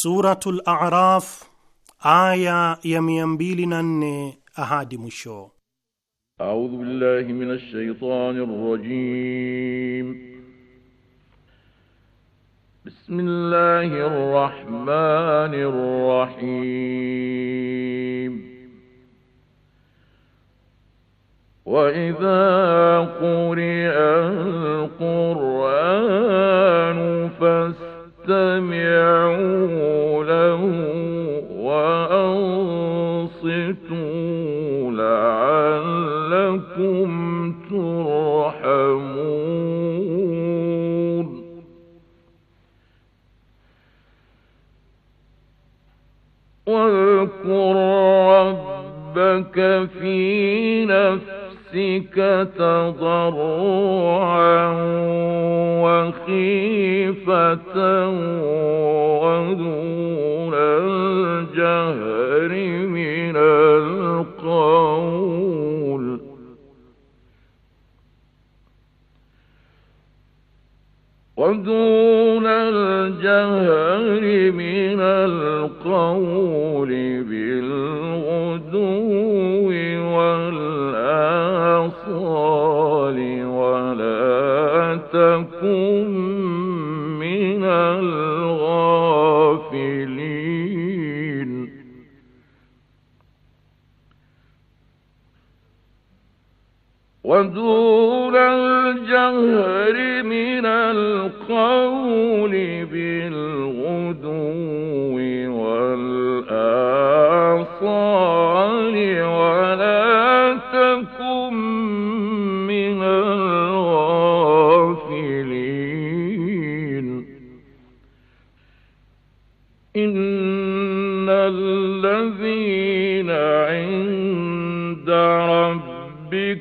Suratul A'raf aya ya mia mbili na nne ahadi mwisho. A'udhu billahi minash shaitanir rajim. Bismillahir rahmanir rahim. Wa idha استمعوا له وأنصتوا لعلكم ترحمون واذكر ربك في نفسك تضرعا وخيفة ودون الجهر من القول ودون الجهر من القول تكن من الغافلين ودون الجهر من القول بالغدو والآصال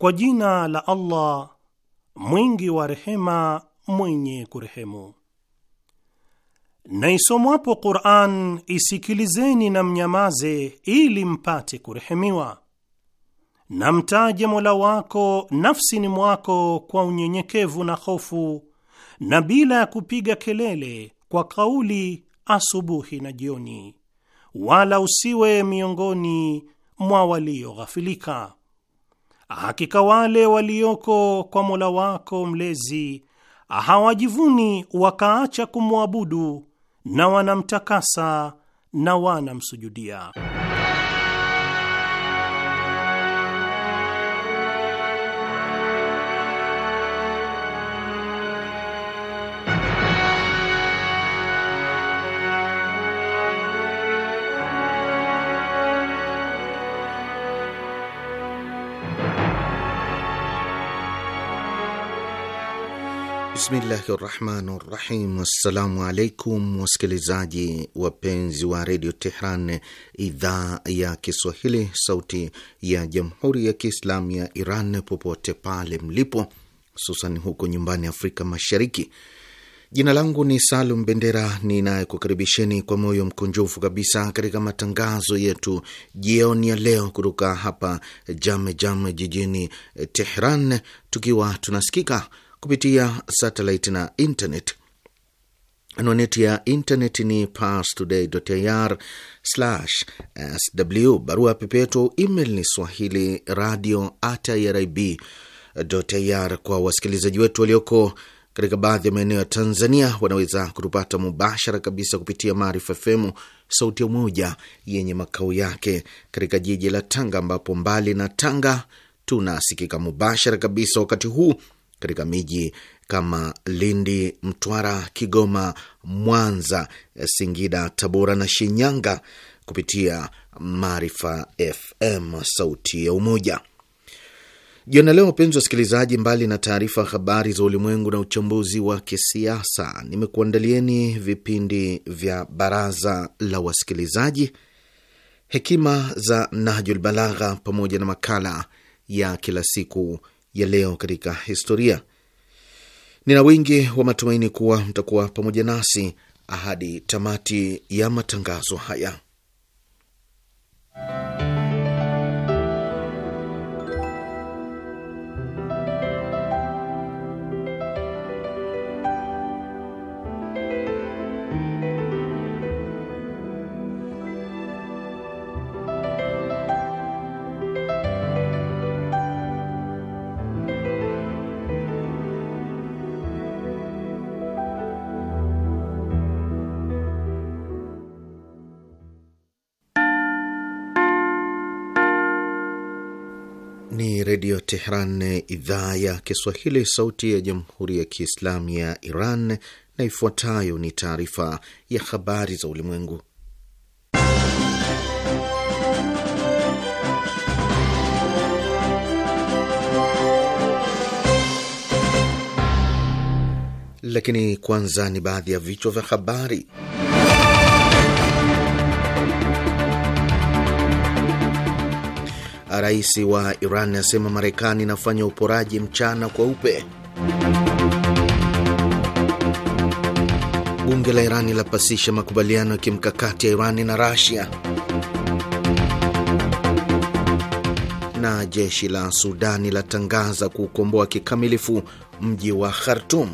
Kwa jina la Allah mwingi wa rehema, mwenye kurehemu. Na isomwapo Qur'an isikilizeni na mnyamaze, ili mpate kurehemiwa. Na mtaje Mola wako nafsini mwako kwa unyenyekevu na hofu, na bila ya kupiga kelele, kwa kauli asubuhi na jioni, wala usiwe miongoni mwa walioghafilika. Hakika wale walioko kwa Mola wako mlezi hawajivuni wakaacha kumwabudu na wanamtakasa na wanamsujudia. Bismillahi rahmani rahim. Assalamu alaikum wasikilizaji wapenzi wa redio Tehran, idhaa ya Kiswahili, sauti ya jamhuri ya Kiislamu ya Iran, popote pale mlipo, hususan huko nyumbani Afrika Mashariki. Jina langu ni Salum Bendera, ninayekukaribisheni kwa moyo mkunjufu kabisa katika matangazo yetu jioni ya leo kutoka hapa Jame Jame jijini Tehran, tukiwa tunasikika kupitia satellite na internet. Anwani ya internet ni parstoday.ir/sw. Barua pepeto email ni swahili radio at irib.ir. Kwa wasikilizaji wetu walioko katika baadhi ya maeneo ya Tanzania wanaweza kutupata mubashara kabisa kupitia Maarifa FM sauti ya Umoja yenye makao yake katika jiji la Tanga, ambapo mbali na Tanga tunasikika mubashara kabisa wakati huu katika miji kama Lindi, Mtwara, Kigoma, Mwanza, Singida, Tabora na Shinyanga kupitia Maarifa FM, sauti ya Umoja. Jioni leo, wapenzi wasikilizaji, mbali na taarifa habari za ulimwengu na uchambuzi wa kisiasa, nimekuandalieni vipindi vya baraza la wasikilizaji, hekima za Nahjul Balagha pamoja na makala ya kila siku ya leo katika historia. Nina wingi wa matumaini kuwa mtakuwa pamoja nasi ahadi tamati ya matangazo haya. Redio Tehran, idhaa ya Kiswahili, sauti ya jamhuri ya kiislamu ya Iran. Na ifuatayo ni taarifa ya habari za ulimwengu, lakini kwanza ni baadhi ya vichwa vya habari. Rais wa Iran asema Marekani inafanya uporaji mchana kweupe. Bunge la Irani lapasisha makubaliano ya kimkakati ya Irani na Rasia. Na jeshi la Sudani latangaza kuukomboa kikamilifu mji wa Khartum.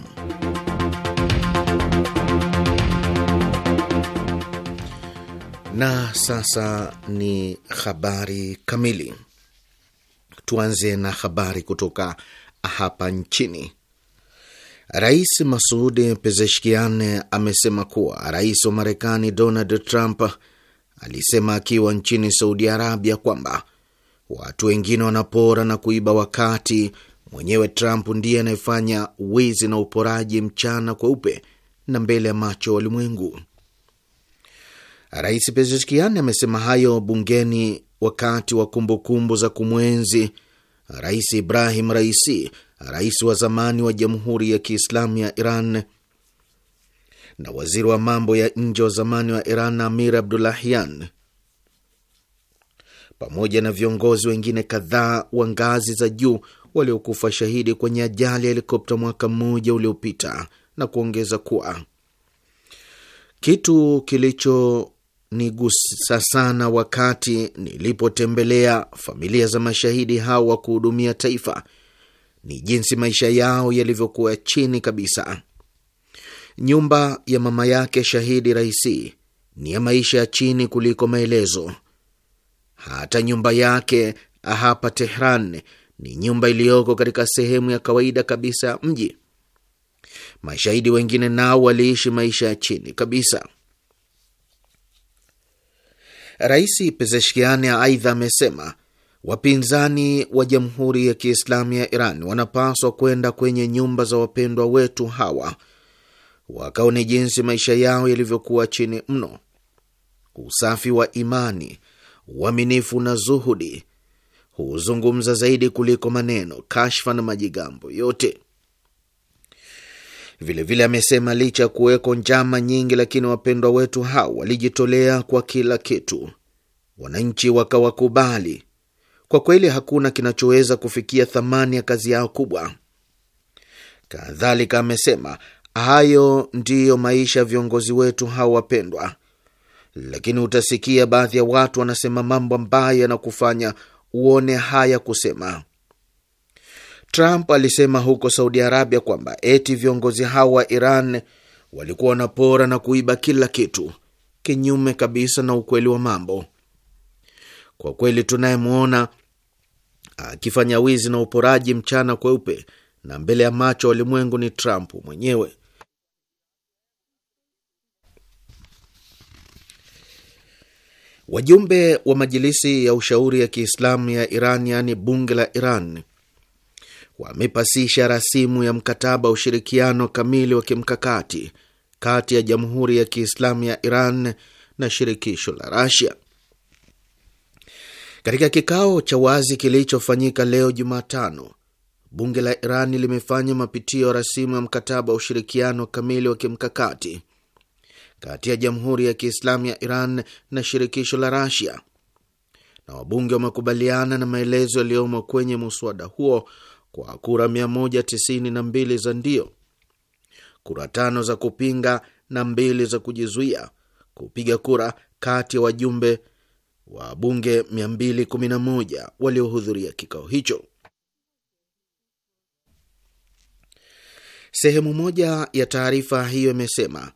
Na sasa ni habari kamili tuanze na habari kutoka hapa nchini. Rais Masudi Pezeshkian amesema kuwa rais wa Marekani Donald Trump alisema akiwa nchini Saudi Arabia kwamba watu wengine wanapora na kuiba wakati mwenyewe Trump ndiye anayefanya wizi na uporaji mchana kweupe na mbele ya macho ya walimwengu. Rais Pezeshkian amesema hayo bungeni wakati wa kumbukumbu za kumwenzi Rais Ibrahim Raisi, rais wa zamani wa Jamhuri ya Kiislamu ya Iran na waziri wa mambo ya nje wa zamani wa Iran Amir Abdulahian pamoja na viongozi wengine kadhaa wa ngazi za juu waliokufa shahidi kwenye ajali ya helikopta mwaka mmoja uliopita, na kuongeza kuwa kitu kilicho nigusa sana wakati nilipotembelea familia za mashahidi hao wa kuhudumia taifa ni jinsi maisha yao yalivyokuwa chini kabisa. Nyumba ya mama yake shahidi Raisi ni ya maisha ya chini kuliko maelezo. Hata nyumba yake hapa Tehran ni nyumba iliyoko katika sehemu ya kawaida kabisa ya mji. Mashahidi wengine nao waliishi maisha ya chini kabisa. Rais Pezeshkiani aidha amesema wapinzani wa Jamhuri ya Kiislamu ya Iran wanapaswa kwenda kwenye nyumba za wapendwa wetu hawa wakaone jinsi maisha yao yalivyokuwa chini mno. Usafi wa imani, uaminifu na zuhudi huzungumza zaidi kuliko maneno, kashfa na majigambo yote. Vilevile amesema licha ya kuweko njama nyingi, lakini wapendwa wetu hao walijitolea kwa kila kitu, wananchi wakawakubali. Kwa kweli hakuna kinachoweza kufikia thamani ya kazi yao kubwa. Kadhalika amesema hayo ndiyo maisha ya viongozi wetu hao wapendwa, lakini utasikia baadhi ya watu wanasema mambo ambayo yanakufanya uone haya kusema Trump alisema huko Saudi Arabia kwamba eti viongozi hao wa Iran walikuwa wanapora na kuiba kila kitu, kinyume kabisa na ukweli wa mambo. Kwa kweli tunayemwona akifanya wizi na uporaji mchana kweupe na mbele ya macho walimwengu ni Trump mwenyewe. Wajumbe wa majilisi ya ushauri ya Kiislamu ya Iran, yaani bunge la Iran, wamepasisha rasimu ya mkataba wa ushirikiano kamili wa kimkakati kati ya Jamhuri ya Kiislamu ya Iran na shirikisho la Rasia. Katika kikao cha wazi kilichofanyika leo Jumatano, bunge la Iran limefanya mapitio ya rasimu ya mkataba wa ushirikiano kamili wa kimkakati kati ya Jamhuri ya Kiislamu ya Iran na shirikisho la Rasia, na wabunge wamekubaliana na maelezo yaliyomo kwenye muswada huo kwa kura 192 za ndio, kura tano za kupinga na mbili za kujizuia kupiga kura kati ya wajumbe wa bunge 211 waliohudhuria kikao hicho. Sehemu moja ya taarifa hiyo imesema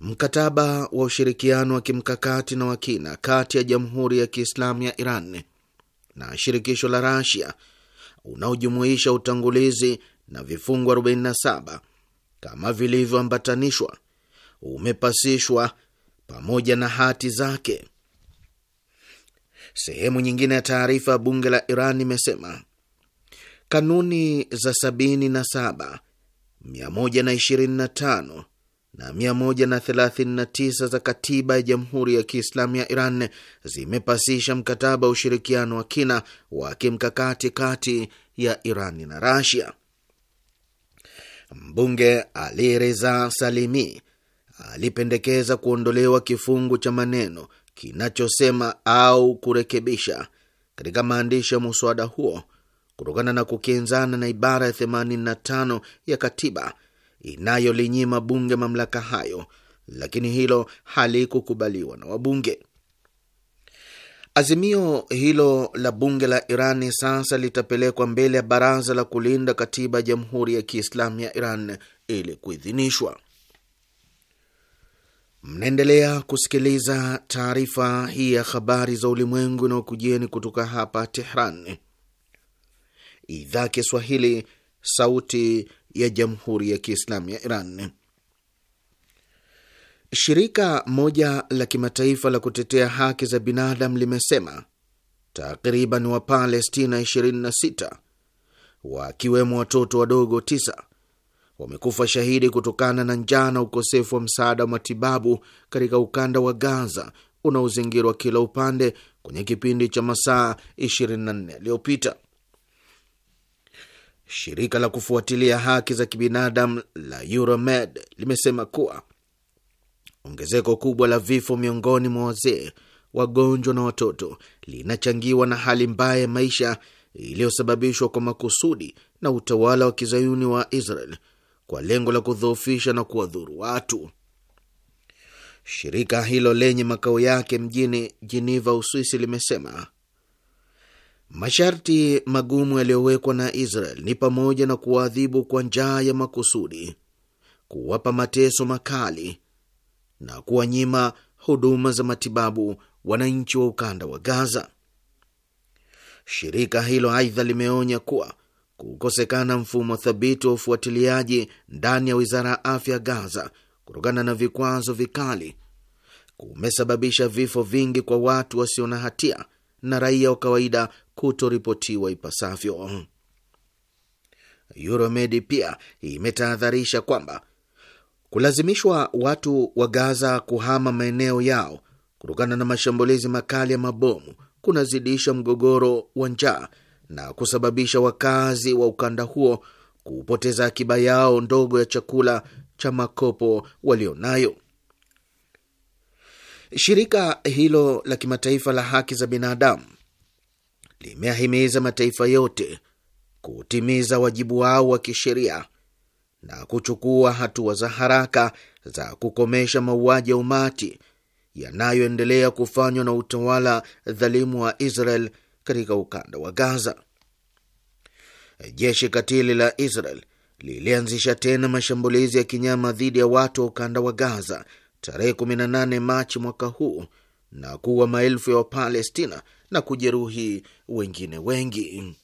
mkataba wa ushirikiano wa kimkakati na wakina kati ya Jamhuri ya Kiislamu ya Iran na shirikisho la Rasia unaojumuisha utangulizi na vifungu 47 kama vilivyoambatanishwa umepasishwa pamoja na hati zake. Sehemu nyingine ya taarifa ya bunge la Iran imesema kanuni za 77, 125 na 139 za katiba ya Jamhuri ya Kiislamu ya Iran zimepasisha mkataba wa ushirikiano wa kina wa kimkakati kati ya Iran na Rasia. Mbunge Ali Reza Salimi alipendekeza kuondolewa kifungu cha maneno kinachosema au kurekebisha katika maandishi ya muswada huo kutokana na kukinzana na ibara ya 85 ya katiba inayolinyima bunge mamlaka hayo, lakini hilo halikukubaliwa na wabunge. Azimio hilo la bunge la Irani sasa litapelekwa mbele ya baraza la kulinda katiba ya jamhuri ya Kiislamu ya Iran ili kuidhinishwa. Mnaendelea kusikiliza taarifa hii ya habari za ulimwengu na kutoka hapa Tehran, idhaa Kiswahili, sauti ya Jamhuri ya Kiislamu ya Iran. Shirika moja la kimataifa la kutetea haki za binadamu limesema takriban Wapalestina 26 wakiwemo watoto wadogo 9 wamekufa shahidi kutokana na njaa na ukosefu wa msaada wa matibabu katika ukanda wa Gaza unaozingirwa kila upande kwenye kipindi cha masaa 24 yaliyopita. Shirika la kufuatilia haki za kibinadamu la Euromed limesema kuwa ongezeko kubwa la vifo miongoni mwa wazee, wagonjwa na watoto linachangiwa na hali mbaya ya maisha iliyosababishwa kwa makusudi na utawala wa kizayuni wa Israel kwa lengo la kudhoofisha na kuwadhuru watu. Shirika hilo lenye makao yake mjini jeneva Uswisi, limesema Masharti magumu yaliyowekwa na Israel ni pamoja na kuwaadhibu kwa njaa ya makusudi, kuwapa mateso makali na kuwanyima huduma za matibabu wananchi wa ukanda wa Gaza. Shirika hilo aidha limeonya kuwa kukosekana mfumo thabiti wa ufuatiliaji ndani ya wizara ya afya Gaza kutokana na vikwazo vikali kumesababisha vifo vingi kwa watu wasio na hatia na raia wa kawaida kutoripotiwa ipasavyo. Euromed pia imetahadharisha kwamba kulazimishwa watu wa Gaza kuhama maeneo yao kutokana na mashambulizi makali ya mabomu kunazidisha mgogoro wa njaa na kusababisha wakazi wa ukanda huo kupoteza akiba yao ndogo ya chakula cha makopo walionayo. Shirika hilo la kimataifa la haki za binadamu limeahimiza mataifa yote kutimiza wajibu wao wa kisheria na kuchukua hatua za haraka za kukomesha mauaji ya umati yanayoendelea kufanywa na utawala dhalimu wa Israel katika ukanda wa Gaza. Jeshi katili la Israel lilianzisha tena mashambulizi ya kinyama dhidi ya watu wa ukanda wa Gaza tarehe 18 Machi mwaka huu na kuwa maelfu ya Wapalestina na kujeruhi wengine wengi.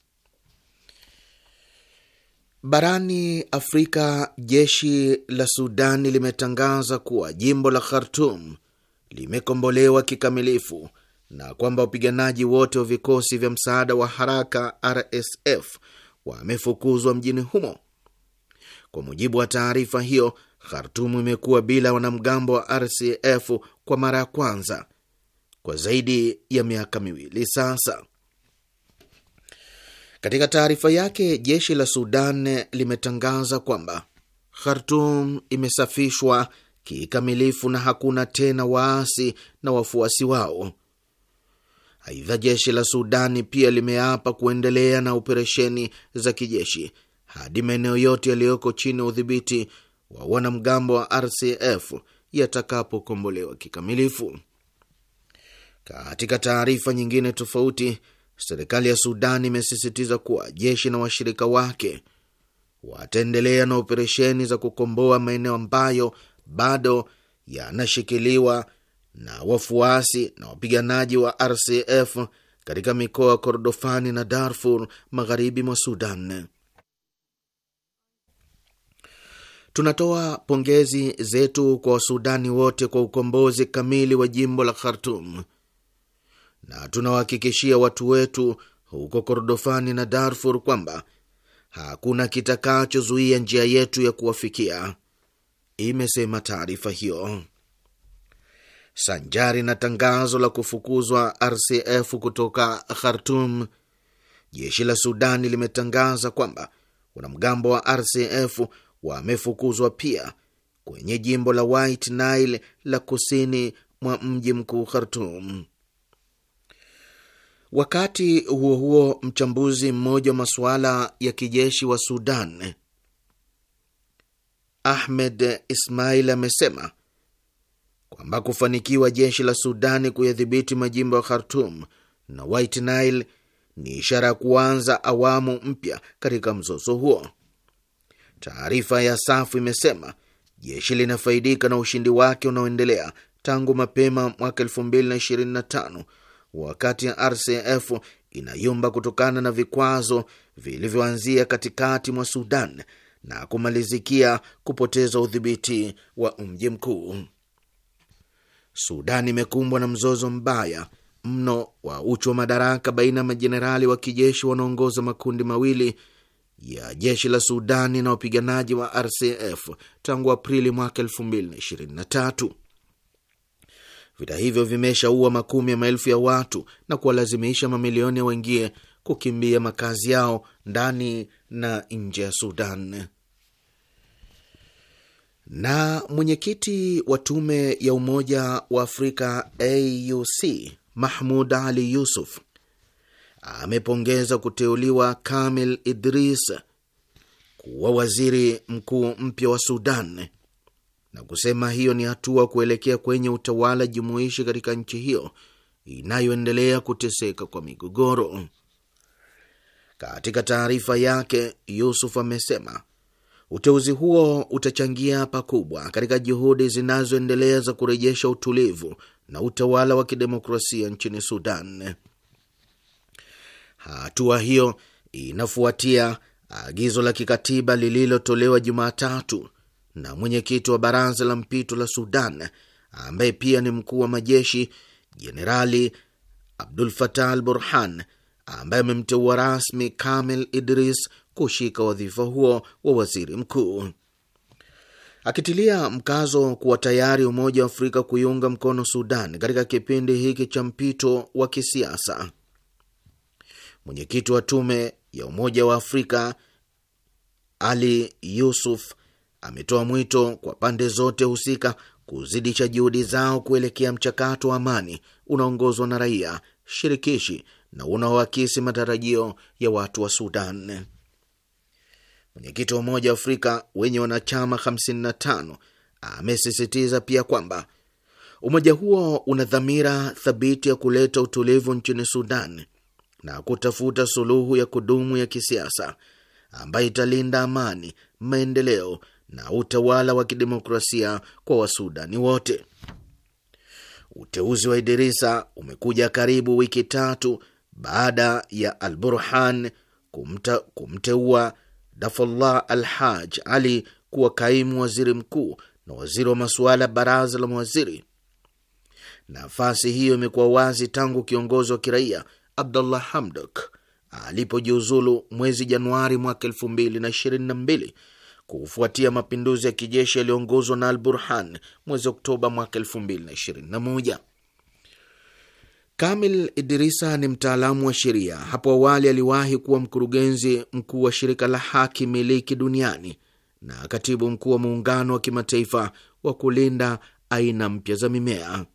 Barani Afrika, jeshi la Sudani limetangaza kuwa jimbo la Khartum limekombolewa kikamilifu na kwamba wapiganaji wote wa vikosi vya msaada wa haraka RSF wamefukuzwa mjini humo. Kwa mujibu wa taarifa hiyo, Khartumu imekuwa bila wanamgambo wa RCF kwa mara ya kwanza kwa zaidi ya miaka miwili sasa. Katika taarifa yake, jeshi la Sudan limetangaza kwamba Khartum imesafishwa kikamilifu na hakuna tena waasi na wafuasi wao. Aidha, jeshi la Sudani pia limeapa kuendelea na operesheni za kijeshi hadi maeneo yote yaliyoko chini ya udhibiti wa wanamgambo wa RCF yatakapokombolewa kikamilifu. Katika taarifa nyingine tofauti, serikali ya Sudan imesisitiza kuwa jeshi na washirika wake wataendelea na operesheni za kukomboa maeneo ambayo bado yanashikiliwa na wafuasi na wapiganaji wa RCF katika mikoa ya Kordofani na Darfur magharibi mwa Sudan. Tunatoa pongezi zetu kwa Wasudani wote kwa ukombozi kamili wa jimbo la Khartum na tunawahakikishia watu wetu huko Kordofani na Darfur kwamba hakuna kitakachozuia njia yetu ya kuwafikia, imesema taarifa hiyo. Sanjari na tangazo la kufukuzwa RCF kutoka Khartum, jeshi la Sudani limetangaza kwamba wanamgambo wa RCF wamefukuzwa pia kwenye jimbo la White Nile la kusini mwa mji mkuu Khartum. Wakati huo huo, mchambuzi mmoja wa masuala ya kijeshi wa Sudan Ahmed Ismail amesema kwamba kufanikiwa jeshi la Sudani kuyadhibiti majimbo ya Khartum na White Nile ni ishara ya kuanza awamu mpya katika mzozo huo. Taarifa ya SAFU imesema jeshi linafaidika na ushindi wake unaoendelea tangu mapema mwaka 2025 wakati ya RCF inayumba kutokana na vikwazo vilivyoanzia katikati mwa Sudan na kumalizikia kupoteza udhibiti wa mji mkuu. Sudan imekumbwa na mzozo mbaya mno wa uchu wa madaraka baina ya majenerali wa kijeshi wanaongoza makundi mawili ya jeshi la Sudani na wapiganaji wa RCF tangu Aprili mwaka 2023. Vita hivyo vimeshaua makumi ya maelfu ya watu na kuwalazimisha mamilioni ya wengie kukimbia makazi yao ndani na nje ya Sudan. Na mwenyekiti wa tume ya Umoja wa Afrika AUC Mahmud Ali Yusuf amepongeza kuteuliwa Kamil Idris kuwa waziri mkuu mpya wa Sudan na kusema hiyo ni hatua kuelekea kwenye utawala jumuishi katika nchi hiyo inayoendelea kuteseka kwa migogoro. Katika taarifa yake, Yusuf amesema uteuzi huo utachangia pakubwa katika juhudi zinazoendelea za kurejesha utulivu na utawala wa kidemokrasia nchini Sudan. Hatua hiyo inafuatia agizo la kikatiba lililotolewa Jumatatu na mwenyekiti wa baraza la mpito la Sudan ambaye pia ni mkuu wa majeshi Jenerali Abdul Fatah al Burhan ambaye amemteua rasmi Kamel Idris kushika wadhifa huo wa waziri mkuu, akitilia mkazo kuwa tayari Umoja wa Afrika kuiunga mkono Sudan katika kipindi hiki cha mpito wa kisiasa mwenyekiti wa tume ya Umoja wa Afrika Ali Yusuf ametoa mwito kwa pande zote husika kuzidisha juhudi zao kuelekea mchakato wa amani unaongozwa na raia shirikishi na unaoakisi matarajio ya watu wa Sudan. Mwenyekiti wa Umoja wa Afrika wenye wanachama 55 amesisitiza pia kwamba umoja huo una dhamira thabiti ya kuleta utulivu nchini Sudan na kutafuta suluhu ya kudumu ya kisiasa ambayo italinda amani, maendeleo na utawala wa kidemokrasia kwa Wasudani wote. Uteuzi wa Idirisa umekuja karibu wiki tatu baada ya Al Burhan kumta, kumteua Dafullah Al Haj Ali kuwa kaimu waziri mkuu na waziri wa masuala baraza la mawaziri. Nafasi hiyo imekuwa wazi tangu kiongozi wa kiraia Abdullah Hamdok alipojiuzulu mwezi Januari mwaka mbili kufuatia mapinduzi ya kijeshi yaliyoongozwa na Al Burhan mwezi Oktoba mwaka moja. Kamil Idrisa ni mtaalamu wa sheria. Hapo awali aliwahi kuwa mkurugenzi mkuu wa shirika la haki miliki duniani na katibu mkuu wa muungano wa kimataifa wa kulinda aina mpya za mimea.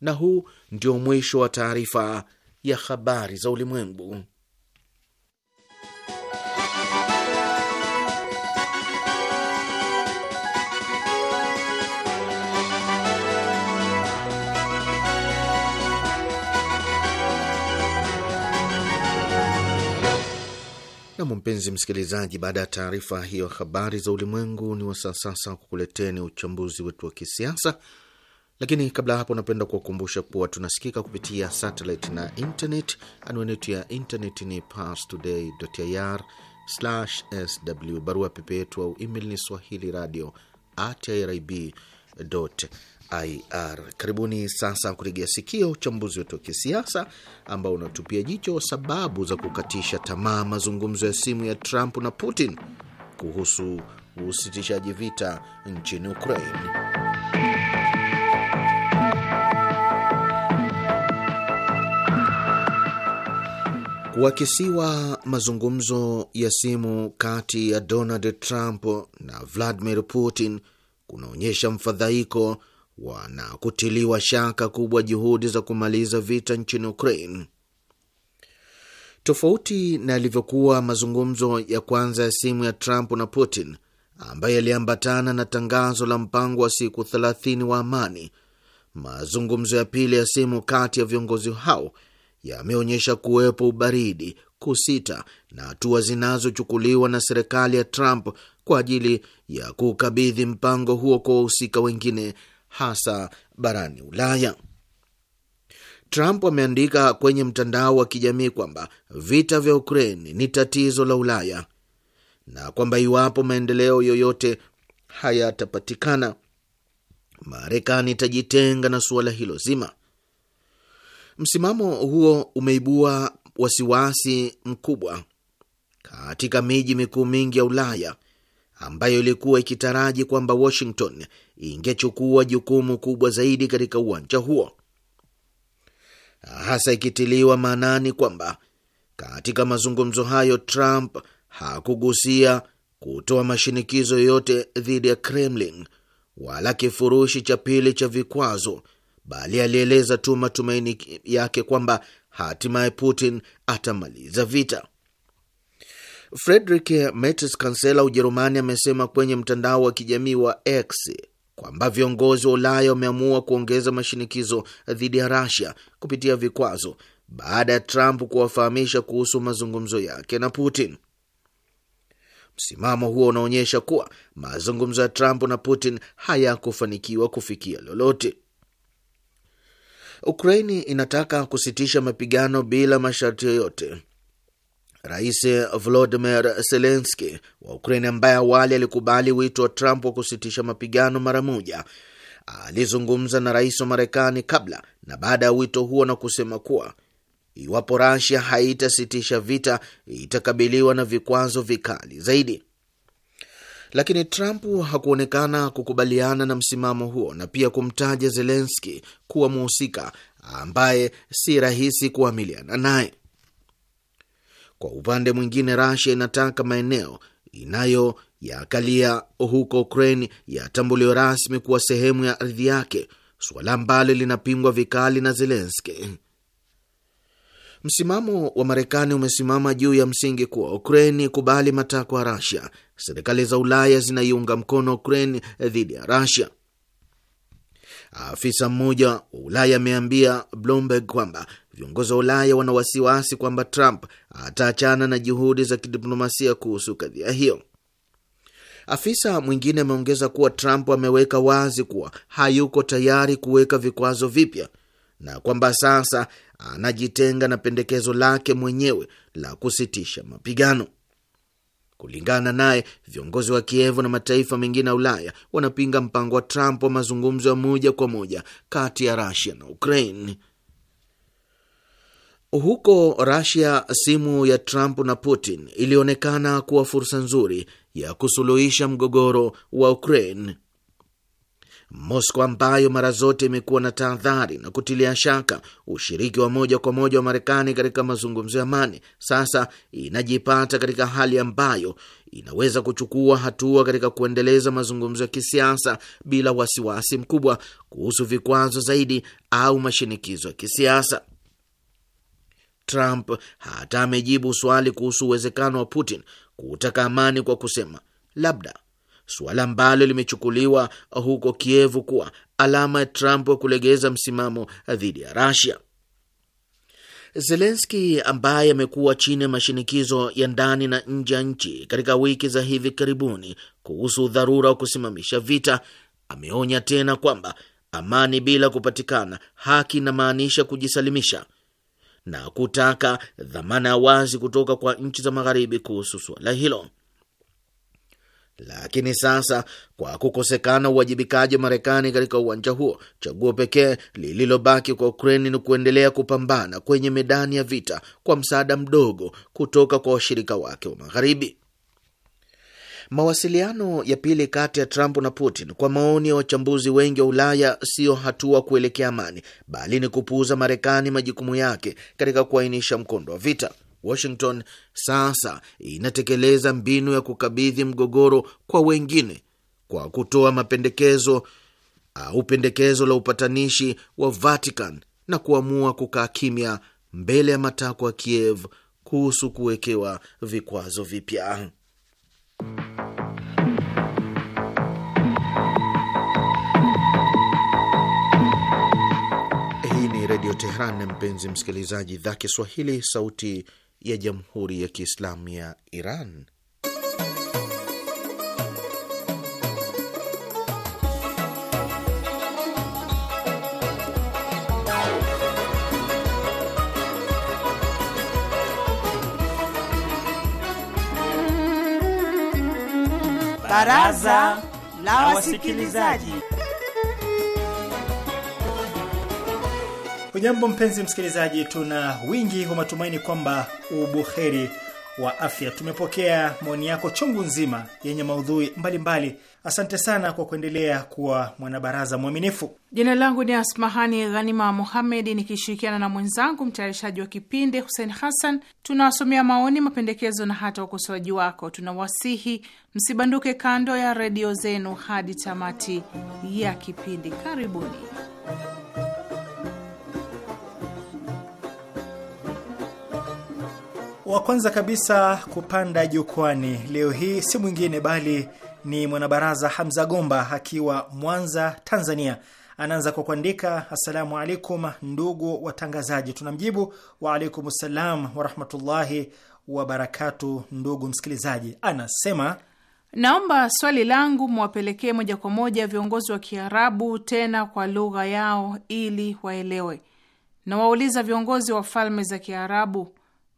Na huu ndio mwisho wa taarifa ya habari za ulimwengu. Nam, mpenzi msikilizaji, baada ya taarifa hiyo habari za ulimwengu, ni wasaa sasa kukuleteni uchambuzi wetu wa kisiasa lakini kabla hapo, napenda kuwakumbusha kuwa tunasikika kupitia satellite na internet. Anwani yetu ya internet ni parstoday.ir/sw, barua pepe yetu au email ni swahili radio at irib.ir. Karibuni sasa kurejea sikio uchambuzi wetu wa kisiasa ambao unatupia jicho sababu za kukatisha tamaa mazungumzo ya simu ya Trump na Putin kuhusu usitishaji vita nchini Ukraine. Kuakisiwa mazungumzo ya simu kati ya Donald Trump na Vladimir Putin kunaonyesha mfadhaiko wana na kutiliwa shaka kubwa juhudi za kumaliza vita nchini Ukraine. Tofauti na yalivyokuwa mazungumzo ya kwanza ya simu ya Trump na Putin ambaye yaliambatana na tangazo la mpango wa siku 30 wa amani, mazungumzo ya pili ya simu kati ya viongozi hao yameonyesha kuwepo ubaridi, kusita na hatua zinazochukuliwa na serikali ya Trump kwa ajili ya kukabidhi mpango huo kwa wahusika wengine, hasa barani Ulaya. Trump ameandika kwenye mtandao wa kijamii kwamba vita vya Ukraine ni tatizo la Ulaya na kwamba iwapo maendeleo yoyote hayatapatikana, Marekani itajitenga na suala hilo zima. Msimamo huo umeibua wasiwasi mkubwa katika miji mikuu mingi ya Ulaya ambayo ilikuwa ikitaraji kwamba Washington ingechukua jukumu kubwa zaidi katika uwanja huo, hasa ikitiliwa maanani kwamba katika mazungumzo hayo Trump hakugusia kutoa mashinikizo yoyote dhidi ya Kremlin wala kifurushi cha pili cha vikwazo bali alieleza tu matumaini yake kwamba hatimaye Putin atamaliza vita. Friedrich Merz, kansela Ujerumani, amesema kwenye mtandao wa kijamii wa X kwamba viongozi wa Ulaya wameamua kuongeza mashinikizo dhidi ya rasia kupitia vikwazo baada ya Trump kuwafahamisha kuhusu mazungumzo yake na Putin. Msimamo huo unaonyesha kuwa mazungumzo ya Trump na Putin hayakufanikiwa kufikia lolote. Ukraini inataka kusitisha mapigano bila masharti yoyote. Rais volodimir Zelenski wa Ukraini, ambaye awali alikubali wito wa Trump wa kusitisha mapigano mara moja, alizungumza na rais wa Marekani kabla na baada ya wito huo na kusema kuwa iwapo Rasia haitasitisha vita itakabiliwa na vikwazo vikali zaidi lakini Trump hakuonekana kukubaliana na msimamo huo na pia kumtaja Zelenski kuwa mhusika ambaye si rahisi kuamiliana naye. Kwa upande mwingine, Rasia inataka maeneo inayoyakalia huko Ukraine yatambuliwe rasmi kuwa sehemu ya ardhi yake, suala ambalo linapingwa vikali na Zelenski. Msimamo wa Marekani umesimama juu ya msingi kuwa Ukraine kubali matakwa ya Rasia. Serikali za Ulaya zinaiunga mkono ukrain dhidi ya Rasia. Afisa mmoja wa Ulaya ameambia Bloomberg kwamba viongozi wa Ulaya wana wasiwasi kwamba Trump ataachana na juhudi za kidiplomasia kuhusu kadhia hiyo. Afisa mwingine ameongeza kuwa Trump ameweka wazi kuwa hayuko tayari kuweka vikwazo vipya na kwamba sasa anajitenga na pendekezo lake mwenyewe la kusitisha mapigano. Kulingana naye, viongozi wa Kievu na mataifa mengine ya Ulaya wanapinga mpango wa Trump wa mazungumzo ya moja kwa moja kati ya Rusia na Ukraine. Huko Rusia, simu ya Trump na Putin ilionekana kuwa fursa nzuri ya kusuluhisha mgogoro wa Ukraine. Mosco ambayo mara zote imekuwa na tahadhari na kutilia shaka ushiriki wa moja kwa moja wa Marekani katika mazungumzo ya amani, sasa inajipata katika hali ambayo inaweza kuchukua hatua katika kuendeleza mazungumzo ya kisiasa bila wasiwasi mkubwa kuhusu vikwazo zaidi au mashinikizo ya kisiasa. Trump hata amejibu swali kuhusu uwezekano wa Putin kutaka amani kwa kusema labda suala ambalo limechukuliwa huko Kievu kuwa alama ya Trump wa kulegeza msimamo dhidi ya Rasia. Zelenski ambaye amekuwa chini ya mashinikizo ya ndani na nje ya nchi katika wiki za hivi karibuni kuhusu dharura wa kusimamisha vita, ameonya tena kwamba amani bila kupatikana haki inamaanisha kujisalimisha na kutaka dhamana ya wazi kutoka kwa nchi za Magharibi kuhusu suala hilo. Lakini sasa kwa kukosekana uwajibikaji wa Marekani katika uwanja huo, chaguo pekee lililobaki kwa Ukraini ni kuendelea kupambana kwenye medani ya vita kwa msaada mdogo kutoka kwa washirika wake wa Magharibi. Mawasiliano ya pili kati ya Trump na Putin, kwa maoni ya wachambuzi wengi wa Ulaya, siyo hatua kuelekea amani, bali ni kupuuza Marekani majukumu yake katika kuainisha mkondo wa vita. Washington sasa inatekeleza mbinu ya kukabidhi mgogoro kwa wengine kwa kutoa mapendekezo au pendekezo la upatanishi wa Vatican na kuamua kukaa kimya mbele ya matakwa ya Kiev kuhusu kuwekewa vikwazo vipya. Hii ni Redio Teheran, mpenzi msikilizaji, dha Kiswahili, sauti ya Jamhuri ya Kiislamu ya Iran. Baraza la Wasikilizaji. Ujambo mpenzi msikilizaji, tuna wingi wa matumaini kwamba ubuheri wa afya. Tumepokea maoni yako chungu nzima yenye maudhui mbalimbali mbali. Asante sana kwa kuendelea kuwa mwanabaraza mwaminifu. Jina langu ni Asmahani Ghanima Muhamedi, nikishirikiana na mwenzangu mtayarishaji wa kipindi husen Hassan. Tunawasomea maoni, mapendekezo na hata ukosoaji wako. Tunawasihi msibanduke kando ya redio zenu hadi tamati ya kipindi. Karibuni. Wa kwanza kabisa kupanda jukwani leo hii si mwingine bali ni mwanabaraza Hamza Gomba akiwa Mwanza, Tanzania. Anaanza kwa kuandika assalamu alaikum, ndugu watangazaji. Tunamjibu waalaikum salam warahmatullahi wabarakatu. Ndugu msikilizaji, anasema naomba swali langu mwapelekee moja kwa moja viongozi wa Kiarabu, tena kwa lugha yao ili waelewe. Nawauliza viongozi wa falme za Kiarabu,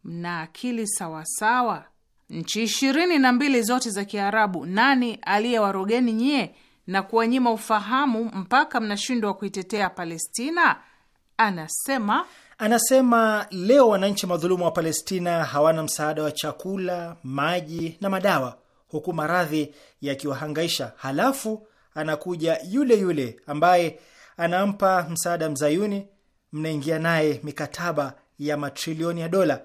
mna akili sawasawa? Nchi ishirini na mbili zote za Kiarabu, nani aliyewarogeni nyie na kuwanyima ufahamu mpaka mnashindwa kuitetea Palestina? Anasema anasema leo wananchi madhulumu wa Palestina hawana msaada wa chakula, maji na madawa, huku maradhi yakiwahangaisha. Halafu anakuja yule yule ambaye anampa msaada mzayuni, mnaingia naye mikataba ya matrilioni ya dola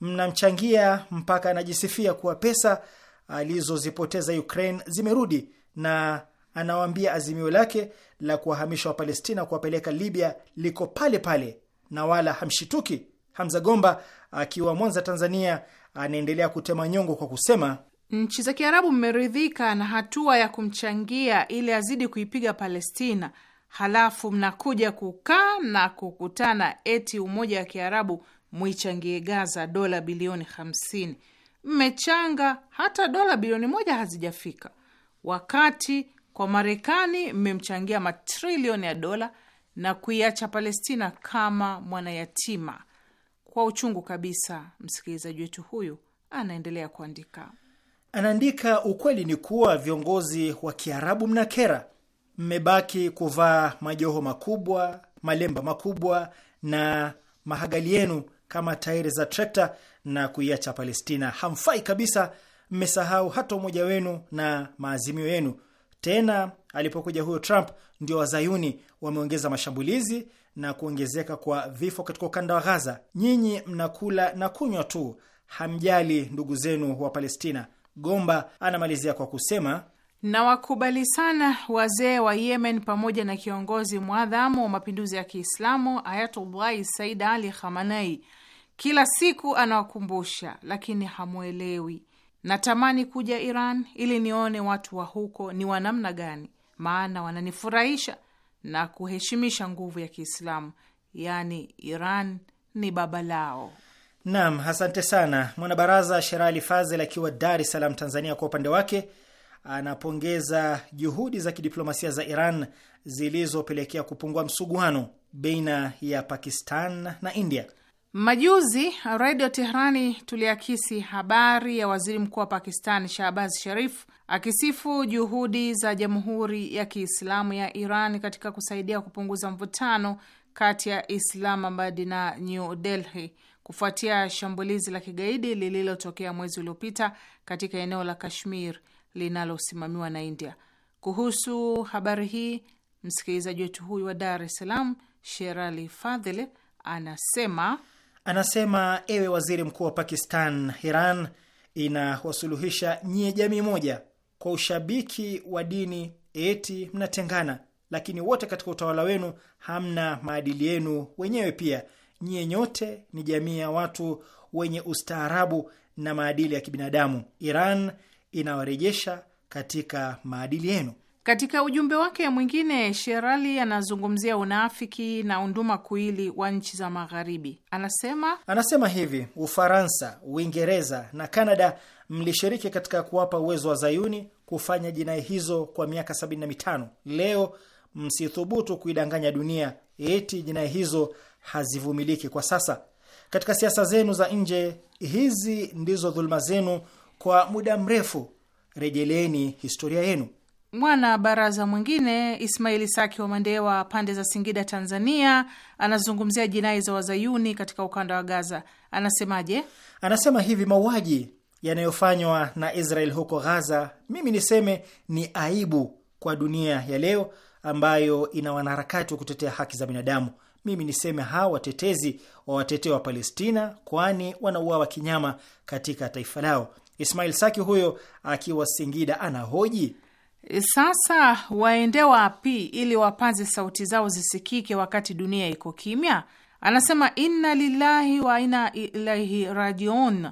mnamchangia mpaka anajisifia kuwa pesa alizozipoteza Ukraine zimerudi na anawaambia azimio lake la kuwahamisha Wapalestina kuwapeleka Libya liko pale pale na wala hamshituki. Hamza Gomba akiwa Mwanza, Tanzania, anaendelea kutema nyongo kwa kusema nchi za Kiarabu mmeridhika na hatua ya kumchangia ili azidi kuipiga Palestina, halafu mnakuja kukaa na kukutana eti umoja wa Kiarabu muichangie Gaza dola bilioni hamsini Mmechanga hata dola bilioni moja hazijafika, wakati kwa Marekani mmemchangia matrilioni ya dola na kuiacha Palestina kama mwanayatima. Kwa uchungu kabisa, msikilizaji wetu huyu anaendelea kuandika, anaandika: ukweli ni kuwa viongozi wa Kiarabu mnakera, mmebaki kuvaa majoho makubwa, malemba makubwa na mahagali yenu kama tairi za trekta na kuiacha Palestina. Hamfai kabisa, mmesahau hata umoja wenu na maazimio yenu. Tena alipokuja huyo Trump, ndio wazayuni wameongeza mashambulizi na kuongezeka kwa vifo katika ukanda wa Ghaza. Nyinyi mnakula na kunywa tu, hamjali ndugu zenu wa Palestina. Gomba anamalizia kwa kusema na wakubali sana wazee wa Yemen pamoja na kiongozi mwadhamu wa mapinduzi ya Kiislamu Ayatullahi Said Ali Khamenei kila siku anawakumbusha, lakini hamwelewi. Natamani kuja Iran ili nione watu wa huko ni wa namna gani, maana wananifurahisha na kuheshimisha nguvu ya Kiislamu, yaani Iran ni baba lao. Naam, asante sana mwanabaraza Sherali Fazel akiwa Dar es Salaam, Tanzania. Kwa upande wake anapongeza juhudi za kidiplomasia za Iran zilizopelekea kupungua msuguano baina ya Pakistan na India. Majuzi redio Teherani tuliakisi habari ya waziri mkuu wa pakistan Shahbaz Sharif akisifu juhudi za Jamhuri ya Kiislamu ya Iran katika kusaidia kupunguza mvutano kati ya Islamabad na New Delhi kufuatia shambulizi la kigaidi lililotokea mwezi uliopita katika eneo la Kashmir linalosimamiwa na India. Kuhusu habari hii, msikilizaji wetu huyu wa Dar es Salaam Sherali Fadhili anasema Anasema, ewe waziri mkuu wa Pakistan, Iran inawasuluhisha nyie jamii moja kwa ushabiki wa dini, eti mnatengana, lakini wote katika utawala wenu hamna maadili yenu wenyewe. Pia nyie nyote ni jamii ya watu wenye ustaarabu na maadili ya kibinadamu. Iran inawarejesha katika maadili yenu. Katika ujumbe wake mwingine, Sherali anazungumzia unaafiki na unduma kuili wa nchi za Magharibi. Anasema anasema hivi: Ufaransa, Uingereza na Kanada mlishiriki katika kuwapa uwezo wa zayuni kufanya jinai hizo kwa miaka 75. Leo msithubutu kuidanganya dunia eti jinai hizo hazivumiliki kwa sasa. Katika siasa zenu za nje, hizi ndizo dhuluma zenu kwa muda mrefu. Rejeleeni historia yenu. Mwana baraza mwingine Ismaili Saki wa Mandewa, pande za Singida, Tanzania, anazungumzia jinai za wazayuni katika ukanda wa Gaza. Anasemaje? Anasema hivi, mauaji yanayofanywa na Israel huko Gaza, mimi niseme ni aibu kwa dunia ya leo ambayo ina wanaharakati wa kutetea haki za binadamu. Mimi niseme hawa watetezi wa watetea wa Palestina, kwani wanauawa kinyama katika taifa lao. Ismail Saki huyo akiwa Singida anahoji E, sasa waende wapi ili wapaze sauti zao zisikike wakati dunia iko kimya? Anasema inna lillahi wa inna ilaihi rajiun.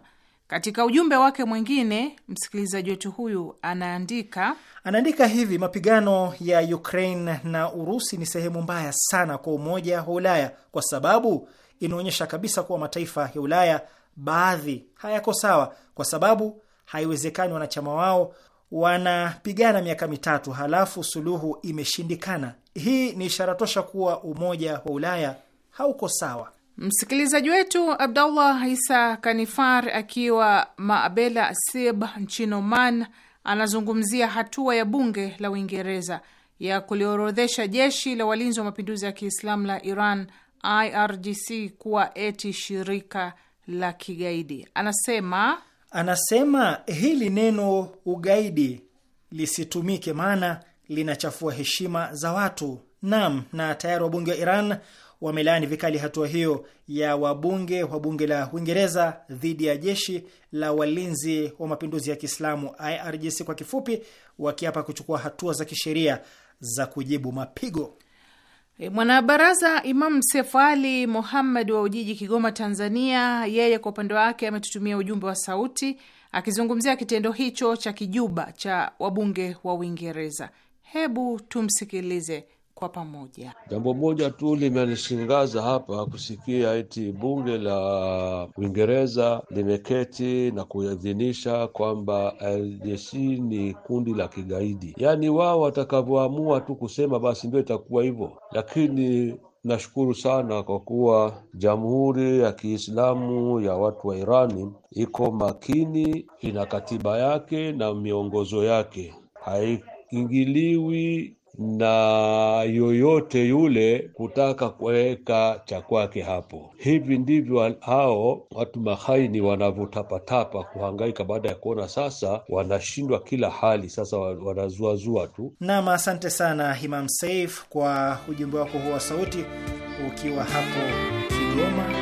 Katika ujumbe wake mwingine, msikilizaji wetu huyu anaandika anaandika hivi: mapigano ya Ukraine na Urusi ni sehemu mbaya sana kwa umoja wa Ulaya kwa sababu inaonyesha kabisa kuwa mataifa ya Ulaya baadhi hayako sawa, kwa sababu haiwezekani wanachama wao wanapigana miaka mitatu halafu suluhu imeshindikana. Hii ni ishara tosha kuwa umoja wa Ulaya hauko sawa. Msikilizaji wetu abdullah Isa Kanifar akiwa Maabela Sib nchini Oman anazungumzia hatua ya bunge la Uingereza ya kuliorodhesha jeshi la walinzi wa mapinduzi ya Kiislamu la Iran IRGC kuwa eti shirika la kigaidi. Anasema Anasema hili neno ugaidi lisitumike, maana linachafua heshima za watu. Naam, na tayari wabunge wa Iran wamelaani vikali hatua hiyo ya wabunge wa bunge la Uingereza dhidi ya jeshi la walinzi wa mapinduzi ya Kiislamu, IRGC kwa kifupi, wakiapa kuchukua hatua za kisheria za kujibu mapigo. E, mwanabaraza Imam sefu Ali Mohammed wa Ujiji, Kigoma, Tanzania, yeye kwa upande wake ametutumia ujumbe wa sauti akizungumzia kitendo hicho cha kijuba cha wabunge wa Uingereza. Hebu tumsikilize kwa pamoja. Jambo moja tu limenishangaza hapa kusikia eti bunge la Uingereza limeketi na kuidhinisha kwamba LDC ni kundi la kigaidi. Yaani wao watakavyoamua tu kusema basi ndio itakuwa hivyo, lakini nashukuru sana kwa kuwa Jamhuri ya Kiislamu ya watu wa Irani iko makini, ina katiba yake na miongozo yake, haiingiliwi na yoyote yule kutaka kuweka cha kwake hapo. Hivi ndivyo hao watu mahaini wanavyotapatapa kuhangaika, baada ya kuona sasa wanashindwa kila hali, sasa wanazuazua tu. Nam, asante sana Imam Saif kwa ujumbe wako huwa sauti ukiwa hapo Kigoma.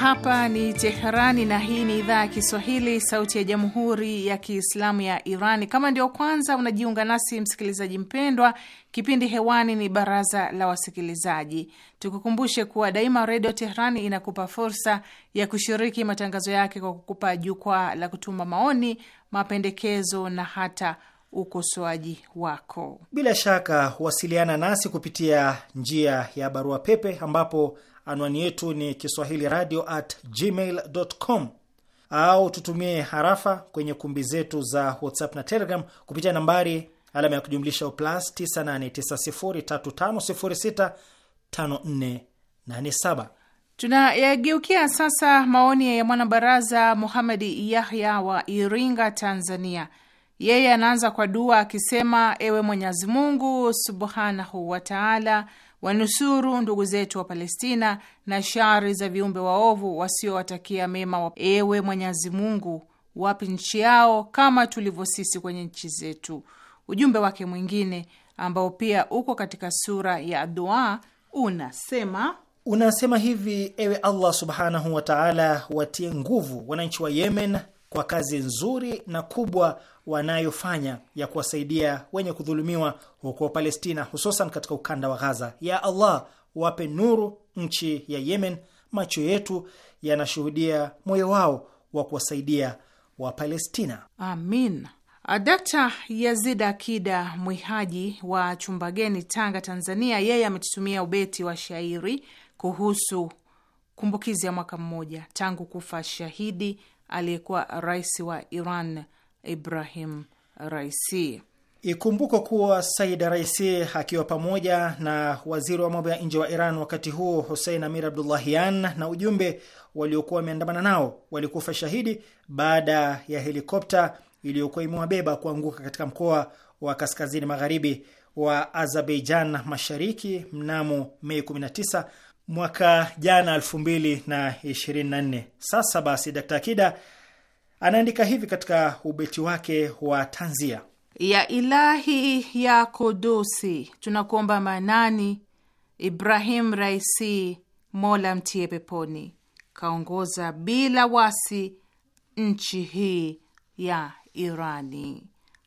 Hapa ni Teherani na hii ni idhaa ya Kiswahili, sauti ya jamhuri ya kiislamu ya Iran. Kama ndio kwanza unajiunga nasi, msikilizaji mpendwa, kipindi hewani ni baraza la wasikilizaji. Tukukumbushe kuwa daima Redio Teherani inakupa fursa ya kushiriki matangazo yake kwa kukupa jukwaa la kutuma maoni, mapendekezo na hata ukosoaji wako. Bila shaka, huwasiliana nasi kupitia njia ya barua pepe ambapo Anwani yetu ni kiswahili radio at gmail com, au tutumie harafa kwenye kumbi zetu za WhatsApp na Telegram kupitia nambari alama ya kujumlisha plus 989035065487. Tunayageukia sasa maoni ya mwanabaraza Muhamedi Yahya wa Iringa, Tanzania. Yeye anaanza kwa dua akisema: ewe Mwenyezi Mungu subhanahu wataala wanusuru ndugu zetu wa Palestina na shari za viumbe waovu wasiowatakia mema wa... Ewe Mwenyezi Mungu, wapi nchi yao kama tulivyo sisi kwenye nchi zetu. Ujumbe wake mwingine ambao pia uko katika sura ya dua unasema unasema hivi: ewe Allah subhanahu wataala watie nguvu wananchi wa Yemen kwa kazi nzuri na kubwa wanayofanya ya kuwasaidia wenye kudhulumiwa huko Palestina, hususan katika ukanda wa Ghaza. Ya Allah, wape nuru nchi ya Yemen. Macho yetu yanashuhudia moyo wao wa kuwasaidia Wapalestina. Amin. Dakta Yazid Akida Mwihaji wa Chumbageni, Tanga, Tanzania, yeye ametutumia ubeti wa shairi kuhusu kumbukizi ya mwaka mmoja tangu kufa shahidi aliyekuwa rais wa Iran Ibrahim Raisi. Ikumbukwe kuwa Said Raisi akiwa pamoja na waziri wa mambo ya nje wa Iran wakati huo Hussein Amir Abdullahian na ujumbe waliokuwa wameandamana nao walikufa shahidi baada ya helikopta iliyokuwa imewabeba kuanguka katika mkoa wa kaskazini magharibi wa Azerbaijan mashariki mnamo Mei 19 mwaka jana 2024. Sasa basi, Dkt. Akida anaandika hivi katika ubeti wake wa tanzia ya Ilahi ya Kudusi, tunakuomba manani Ibrahim Raisi, Mola mtie peponi, kaongoza bila wasi nchi hii ya Irani,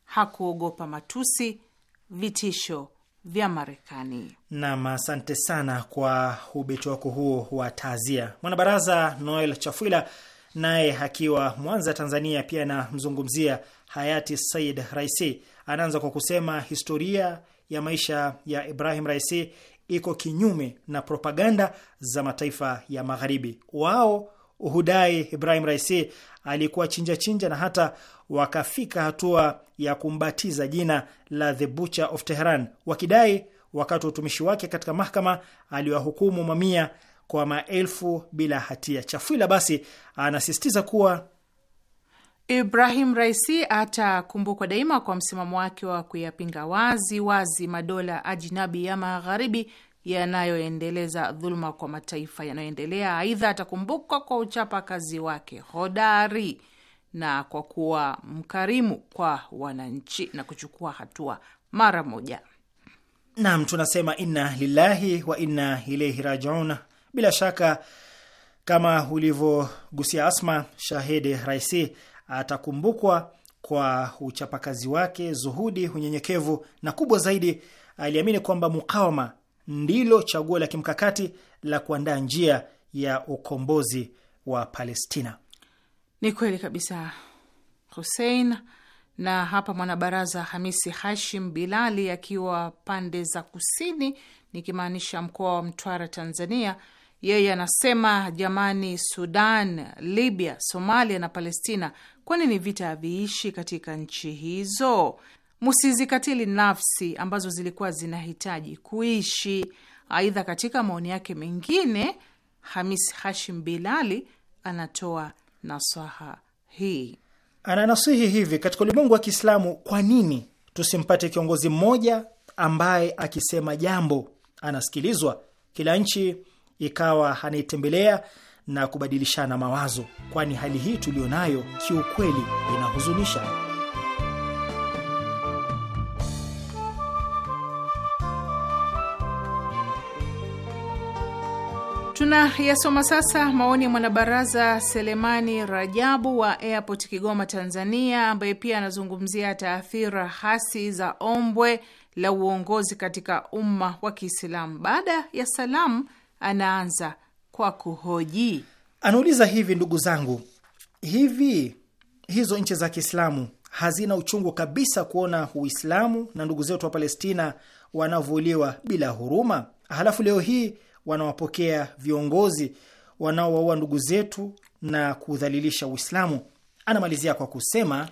hakuogopa matusi, vitisho vya Marekani. Nam, asante sana kwa ubeti wako huo wa taazia. Mwanabaraza Noel Chafuila naye akiwa Mwanza, Tanzania, pia anamzungumzia hayati Said Raisi. Anaanza kwa kusema historia ya maisha ya Ibrahim Raisi iko kinyume na propaganda za mataifa ya Magharibi. Wao hudai Ibrahim Raisi alikuwa chinja chinja na hata wakafika hatua ya kumbatiza jina la The Butcher of Tehran, wakidai wakati wa utumishi wake katika mahakama aliwahukumu mamia kwa maelfu bila hatia. Chafuila basi anasisitiza kuwa Ibrahim Raisi atakumbukwa daima kwa msimamo wake wa kuyapinga wazi wazi madola ajinabi ya magharibi yanayoendeleza dhuluma kwa mataifa yanayoendelea. Aidha, atakumbukwa kwa uchapakazi wake hodari na kwa kuwa mkarimu kwa wananchi na kuchukua hatua mara moja. Naam, tunasema inna lillahi wa inna ilaihi rajiun. Bila shaka kama ulivyogusia Asma, shahid Raisi atakumbukwa kwa uchapakazi wake, zuhudi, unyenyekevu na kubwa zaidi, aliamini kwamba mukawama ndilo chaguo la kimkakati la kuandaa njia ya ukombozi wa Palestina. Ni kweli kabisa Hussein. Na hapa mwanabaraza Hamisi Hashim Bilali akiwa pande za kusini, nikimaanisha mkoa wa Mtwara, Tanzania, yeye anasema jamani, Sudan, Libya, Somalia na Palestina, kwani ni vita haviishi katika nchi hizo? musizikatili nafsi ambazo zilikuwa zinahitaji kuishi. Aidha, katika maoni yake mengine, Hamis Hashim Bilali anatoa nasaha hii, ananasihi hivi: katika ulimwengu wa Kiislamu, kwa nini tusimpate kiongozi mmoja ambaye akisema jambo anasikilizwa, kila nchi ikawa anaitembelea na kubadilishana mawazo? Kwani hali hii tuliyo nayo kiukweli inahuzunisha. Tunayasoma sasa maoni ya mwanabaraza Selemani Rajabu wa Airport Kigoma, Tanzania, ambaye pia anazungumzia taathira hasi za ombwe la uongozi katika umma wa Kiislamu. Baada ya salamu, anaanza kwa kuhoji, anauliza hivi: ndugu zangu, hivi hizo nchi za Kiislamu hazina uchungu kabisa kuona Uislamu na ndugu zetu wa Palestina wanavuliwa bila huruma? Halafu leo hii wanawapokea viongozi wanaowaua ndugu zetu na kudhalilisha Uislamu. Anamalizia kwa kusema,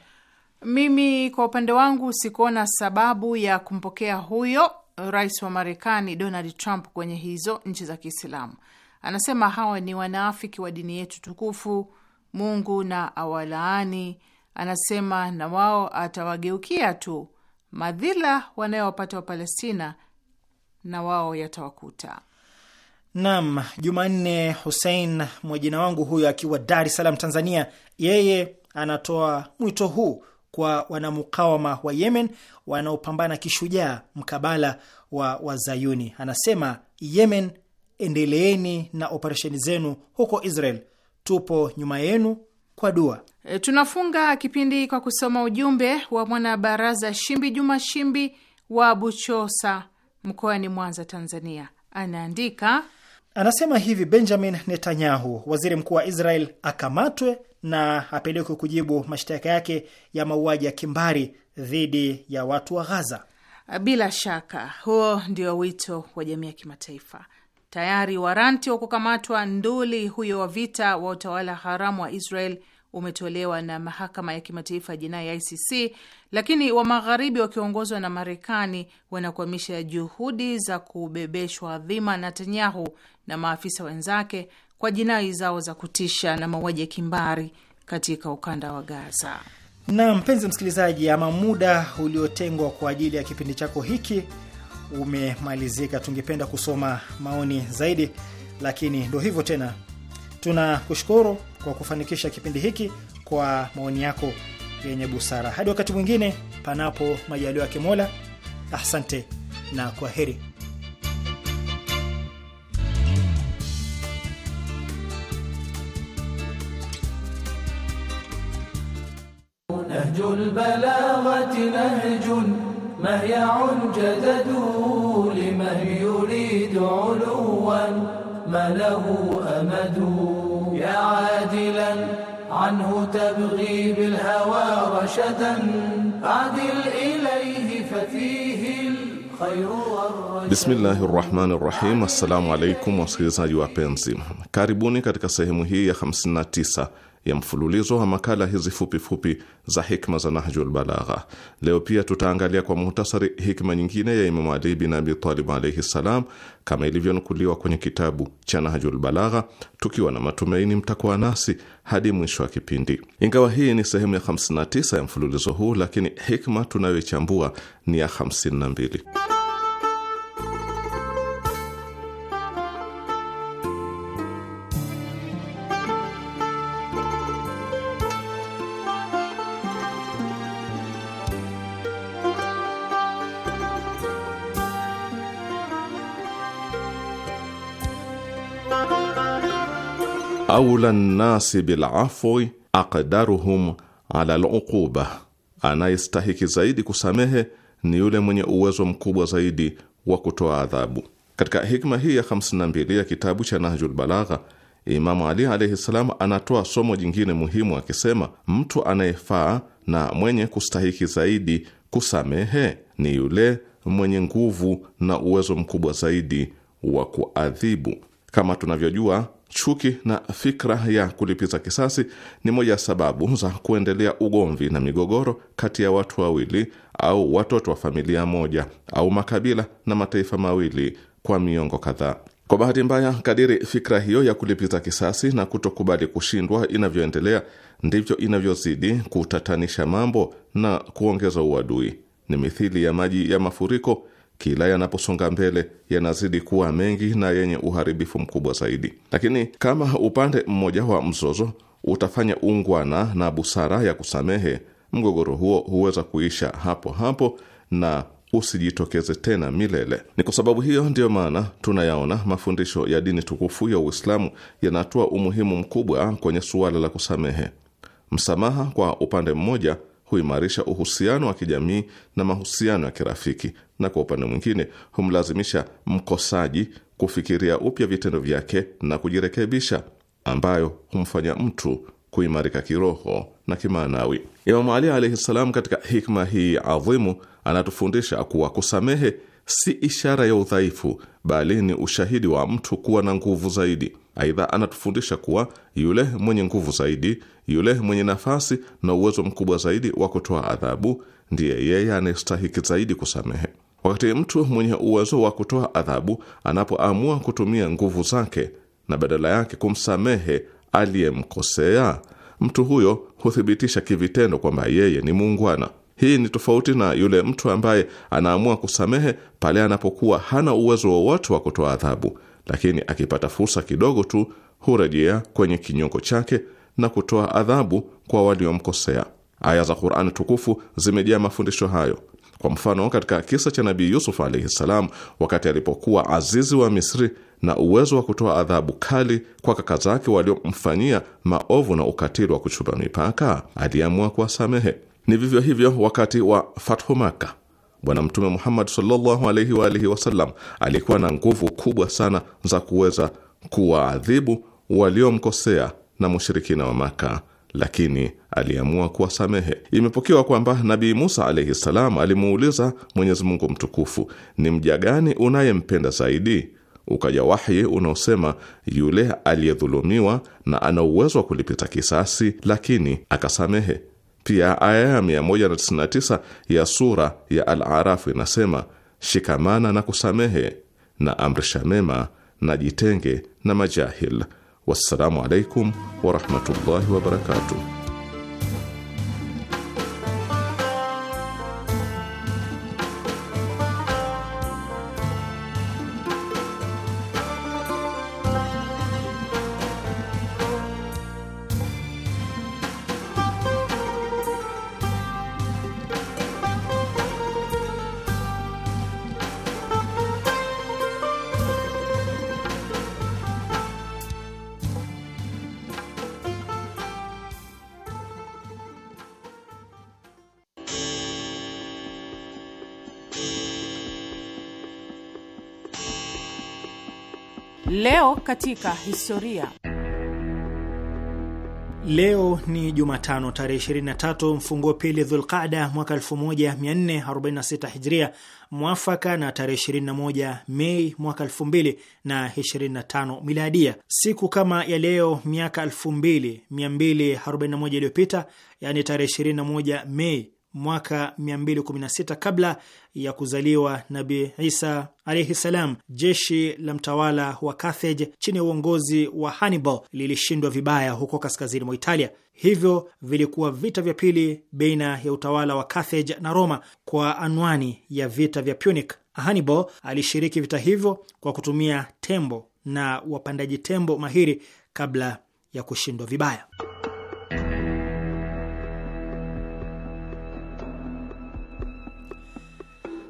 mimi kwa upande wangu sikuona sababu ya kumpokea huyo rais wa Marekani Donald Trump kwenye hizo nchi za Kiislamu. Anasema hawa ni wanaafiki wa dini yetu tukufu, Mungu na awalaani. Anasema na wao atawageukia tu, madhila wanayowapata Wapalestina na wao yatawakuta. Nam Jumanne Hussein mwajina wangu huyo akiwa Dar es Salaam, Tanzania. Yeye anatoa mwito huu kwa wanamukawama wa Yemen wanaopambana kishujaa mkabala wa Wazayuni. Anasema, Yemen, endeleeni na operesheni zenu huko Israel, tupo nyuma yenu kwa dua. E, tunafunga kipindi kwa kusoma ujumbe wa mwanabaraza Shimbi Juma Shimbi wa Buchosa mkoani Mwanza, Tanzania. Anaandika Anasema hivi: Benjamin Netanyahu, waziri mkuu wa Israel, akamatwe na apelekwe kujibu mashtaka yake ya mauaji ya kimbari dhidi ya watu wa Ghaza. Bila shaka huo ndio wito wa jamii ya kimataifa. Tayari waranti wa kukamatwa nduli huyo wa vita wa utawala haramu wa Israel umetolewa na mahakama ya kimataifa ya jinai ICC, lakini wa magharibi wakiongozwa na Marekani wanakwamisha juhudi za kubebeshwa dhima Netanyahu na maafisa wenzake kwa jinai zao za kutisha na mauaji ya kimbari katika ukanda wa Gaza. Na mpenzi msikilizaji, ama muda uliotengwa kwa ajili ya kipindi chako hiki umemalizika. Tungependa kusoma maoni zaidi, lakini ndo hivyo tena, tuna kushukuru kwa kufanikisha kipindi hiki kwa maoni yako yenye busara. Hadi wakati mwingine, panapo majaliwa ya Mola, asante na kwa heri. ما له أمد يا عادلا عنه تبغي بالهوى رشدا عدل إليه ففيه الخير والرشد Bismillahi rahmani rahim. Assalamu alaikum wasikilizaji wapenzi, karibuni katika sehemu hii ya 59 ya mfululizo wa makala hizi fupifupi za hikma za Nahjul Balagha. Leo pia tutaangalia kwa muhtasari hikma nyingine ya Imamu Ali bin Abi Talib alaihi ssalam, kama ilivyonukuliwa kwenye kitabu cha Nahjul Balagha, tukiwa na matumaini mtakuwa nasi hadi mwisho wa kipindi. Ingawa hii ni sehemu ya 59 ya mfululizo huu, lakini hikma tunayoichambua ni ya 52. aula nnasi bilafwi aqdaruhum ala luquba, anayestahiki zaidi kusamehe ni yule mwenye uwezo mkubwa zaidi wa kutoa adhabu. Katika hikma hii ya 52 ya kitabu cha Nahjul Balagha, Imamu Ali alaihi ssalam anatoa somo jingine muhimu akisema, mtu anayefaa na mwenye kustahiki zaidi kusamehe ni yule mwenye nguvu na uwezo mkubwa zaidi wa kuadhibu. Kama tunavyojua Chuki na fikra ya kulipiza kisasi ni moja ya sababu za kuendelea ugomvi na migogoro kati ya watu wawili au watoto wa familia moja au makabila na mataifa mawili kwa miongo kadhaa. Kwa bahati mbaya, kadiri fikra hiyo ya kulipiza kisasi na kutokubali kushindwa inavyoendelea, ndivyo inavyozidi kutatanisha mambo na kuongeza uadui. Ni mithili ya maji ya mafuriko kila yanaposonga mbele yanazidi kuwa mengi na yenye uharibifu mkubwa zaidi. Lakini kama upande mmoja wa mzozo utafanya ungwana na busara ya kusamehe, mgogoro huo huweza kuisha hapo hapo na usijitokeze tena milele. Ni kwa sababu hiyo ndiyo maana tunayaona mafundisho ya dini tukufu ya Uislamu yanatoa umuhimu mkubwa kwenye suala la kusamehe. Msamaha kwa upande mmoja huimarisha uhusiano wa kijamii na mahusiano ya kirafiki, na kwa upande mwingine humlazimisha mkosaji kufikiria upya vitendo vyake na kujirekebisha, ambayo humfanya mtu kuimarika kiroho na kimaanawi. Imamu Ali alaihi ssalam, katika hikma hii adhimu, anatufundisha kuwa kusamehe si ishara ya udhaifu, bali ni ushahidi wa mtu kuwa na nguvu zaidi. Aidha, anatufundisha kuwa yule mwenye nguvu zaidi, yule mwenye nafasi na uwezo mkubwa zaidi wa kutoa adhabu ndiye yeye anayestahiki zaidi kusamehe. Wakati mtu mwenye uwezo wa kutoa adhabu anapoamua kutumia nguvu zake na badala yake kumsamehe aliyemkosea, mtu huyo huthibitisha kivitendo kwamba yeye ni muungwana. Hii ni tofauti na yule mtu ambaye anaamua kusamehe pale anapokuwa hana uwezo wowote wa kutoa adhabu lakini akipata fursa kidogo tu hurejea kwenye kinyongo chake na kutoa adhabu kwa waliomkosea. Aya za Qur'an tukufu zimejaa mafundisho hayo. Kwa mfano, katika kisa cha Nabii Yusuf alaihi salam, wakati alipokuwa azizi wa Misri na uwezo wa kutoa adhabu kali kwa kaka zake waliomfanyia maovu na ukatili wa kuchupa mipaka, aliamua kuwasamehe. Ni vivyo hivyo wakati wa Fathu Maka Bwana Mtume Muhammad sallallahu alaihi wa alihi wasallam alikuwa na nguvu kubwa sana za kuweza kuwaadhibu waliomkosea na mushirikina wa Maka, lakini aliamua kuwasamehe. Imepokewa kwamba Nabii Musa alaihi salam alimuuliza Mwenyezi Mungu mtukufu, ni mja gani unayempenda zaidi? Ukaja wahi unaosema yule aliyedhulumiwa na ana uwezo wa kulipiza kisasi, lakini akasamehe. Pia aya ya 199 ya sura ya al araf inasema shikamana na kusamehe na amrisha mema na jitenge na majahil. Wassalamu alaikum warahmatullahi wabarakatuh. Leo katika historia. Leo ni Jumatano tarehe 23 mfunguo pili Dhulqada mwaka 1446 Hijria, mwafaka na tarehe 21 Mei mwaka 2025 Miladia. Siku kama ya leo miaka 2241 iliyopita, yani tarehe 21 Mei mwaka 216 kabla ya kuzaliwa Nabi Isa alaihi salam. Jeshi la mtawala wa Carthage chini ya uongozi wa Hannibal lilishindwa vibaya huko kaskazini mwa Italia. Hivyo vilikuwa vita vya pili baina ya utawala wa Carthage na Roma kwa anwani ya vita vya Punic. Hannibal alishiriki vita hivyo kwa kutumia tembo na wapandaji tembo mahiri kabla ya kushindwa vibaya.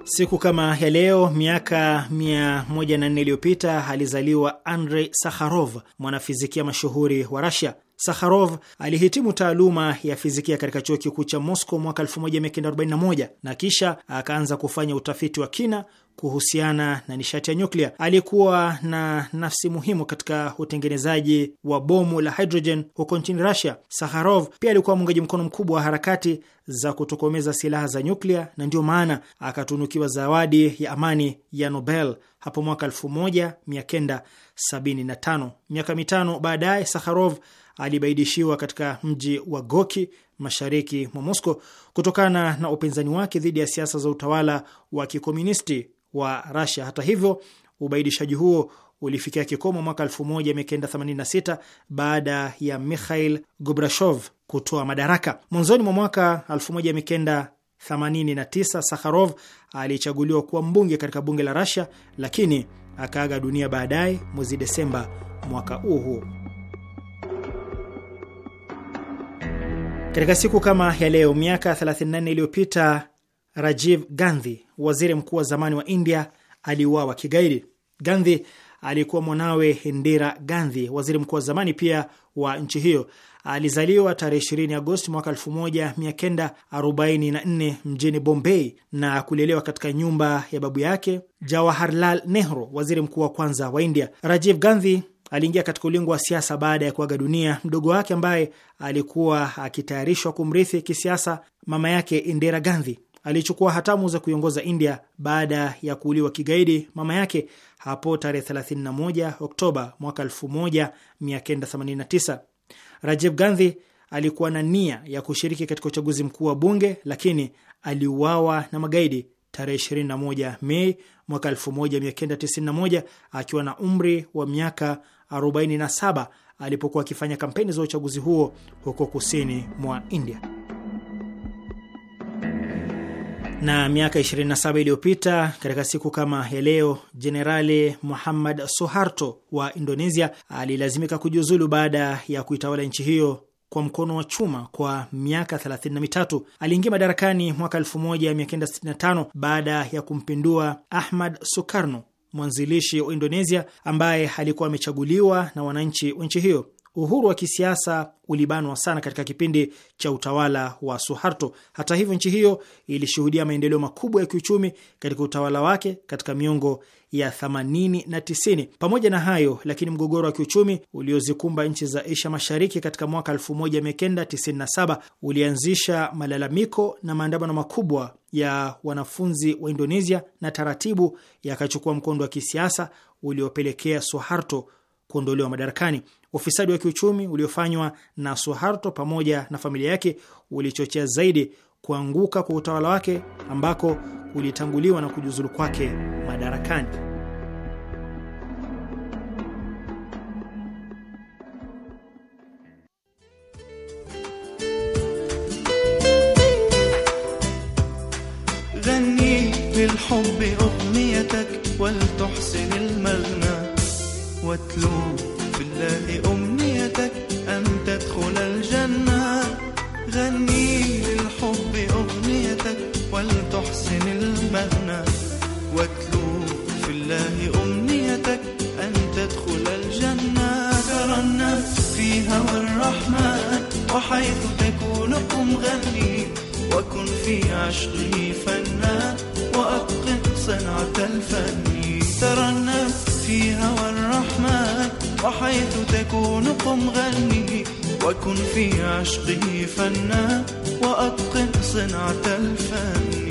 Siku kama ya leo miaka 104 iliyopita alizaliwa Andrei Sakharov, mwanafizikia mashuhuri wa Rasia. Sakharov alihitimu taaluma ya fizikia katika chuo kikuu cha Moscow mwaka 1941 na kisha akaanza kufanya utafiti wa kina kuhusiana na nishati ya nyuklia. Alikuwa na nafsi muhimu katika utengenezaji wa bomu la hidrojen huko nchini Rusia. saharov pia alikuwa mwungaji mkono mkubwa wa harakati za kutokomeza silaha za nyuklia na ndiyo maana akatunukiwa zawadi ya amani ya Nobel hapo mwaka 1975. Miaka mitano baadaye, saharov alibaidishiwa katika mji wa Goki mashariki mwa Moscow kutokana na upinzani wake dhidi ya siasa za utawala wa kikomunisti wa Rasia. Hata hivyo, ubaidishaji huo ulifikia kikomo mwaka 1986 baada ya Mikhail Gorbachev kutoa madaraka. Mwanzoni mwa mwaka 1989 Sakharov alichaguliwa kuwa mbunge katika bunge la Rasia, lakini akaaga dunia baadaye mwezi Desemba mwaka huo huo. Katika siku kama ya leo miaka 34 iliyopita Rajiv Gandhi, waziri mkuu wa zamani wa India, aliuawa kigaidi. Gandhi alikuwa mwanawe Indira Gandhi, waziri mkuu wa zamani pia wa nchi hiyo. Alizaliwa tarehe 20 Agosti mwaka 1944 mjini Bombay na kulelewa katika nyumba ya babu yake Jawaharlal Nehru, waziri mkuu wa kwanza wa India. Rajiv Gandhi aliingia katika ulingo wa siasa baada ya kuaga dunia mdogo wake ambaye alikuwa akitayarishwa kumrithi kisiasa mama yake Indira Gandhi alichukua hatamu za kuiongoza India baada ya kuuliwa kigaidi mama yake hapo tarehe 31 Oktoba mwaka 1989. Rajiv Gandhi alikuwa na nia ya kushiriki katika uchaguzi mkuu wa bunge lakini aliuawa na magaidi tarehe 21 Mei mwaka 1991 akiwa na umri wa miaka 47 alipokuwa akifanya kampeni za uchaguzi huo huko kusini mwa India. Na miaka 27 iliyopita katika siku kama ya leo, Jenerali Muhammad Suharto wa Indonesia alilazimika kujiuzulu baada ya kuitawala nchi hiyo kwa mkono wa chuma kwa miaka 33. Aliingia madarakani mwaka 1965 baada ya kumpindua Ahmad Sukarno, mwanzilishi wa Indonesia ambaye alikuwa amechaguliwa na wananchi wa nchi hiyo. Uhuru wa kisiasa ulibanwa sana katika kipindi cha utawala wa Suharto. Hata hivyo, nchi hiyo ilishuhudia maendeleo makubwa ya kiuchumi katika utawala wake katika miongo ya 80 na 90. Pamoja na hayo lakini, mgogoro wa kiuchumi uliozikumba nchi za Asia Mashariki katika mwaka 1997 ulianzisha malalamiko na maandamano makubwa ya wanafunzi wa Indonesia na taratibu yakachukua mkondo wa kisiasa uliopelekea Suharto kuondolewa madarakani. Ufisadi wa kiuchumi uliofanywa na Suharto pamoja na familia yake ulichochea zaidi kuanguka kwa utawala wake ambako ulitanguliwa na kujiuzulu kwake madarakani. لله أمنيتك أن تدخل الجنة غني للحب أغنيتك ولتحسن المهنة واتلو في الله أمنيتك أن تدخل الجنة ترنم في هوى الرحمن وحيث تكون قم غني وكن في عشقه فنا وأتقن صنعة الفن ترنم في هوى الرحمن وحيث تكون قم غني وكن في عشقي فنا وأتقن صنعة الفن